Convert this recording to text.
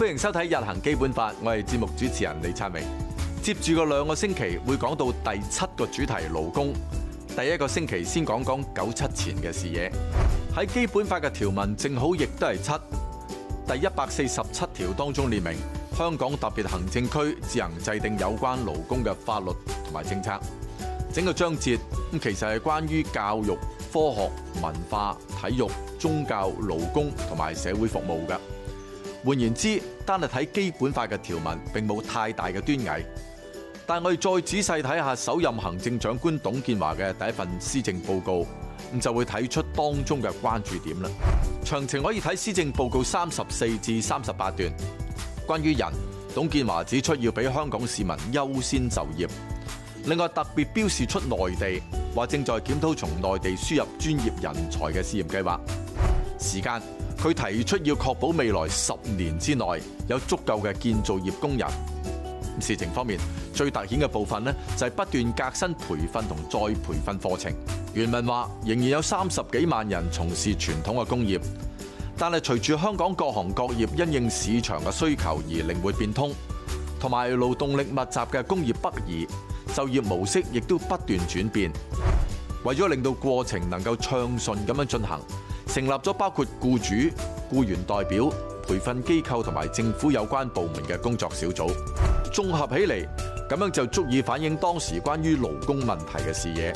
歡迎收睇《日行基本法》，我係節目主持人李燦明。接住個兩個星期會講到第七個主題勞工。第一個星期先講講九七前嘅視野，喺基本法嘅條文正好亦都係七，第一百四十七條當中列明，香港特別行政區自行制定有關勞工嘅法律同埋政策。整個章節其實係關於教育、科學、文化、體育、宗教、勞工同埋社會服務嘅。換言之，單係睇基本法嘅條文並冇太大嘅端倪，但我哋再仔細睇下首任行政長官董建華嘅第一份施政報告，咁就會睇出當中嘅關注點啦。詳情可以睇施政報告三十四至三十八段，關於人，董建華指出要俾香港市民優先就業，另外特別標示出內地，話正在檢討從內地輸入專業人才嘅試驗計劃。時間。佢提出要確保未來十年之內有足夠嘅建造業工人。事情方面，最突顯嘅部分呢，就係不斷革新培訓同再培訓課程。原文話仍然有三十幾萬人從事傳統嘅工業，但係隨住香港各行各業因應市場嘅需求而靈活變通，同埋勞動力密集嘅工業北移，就業模式亦都不斷轉變，為咗令到過程能夠暢順咁樣進行。成立咗包括僱主、僱員代表、培訓機構同埋政府有關部門嘅工作小組，綜合起嚟，咁樣就足以反映當時關於勞工問題嘅視野。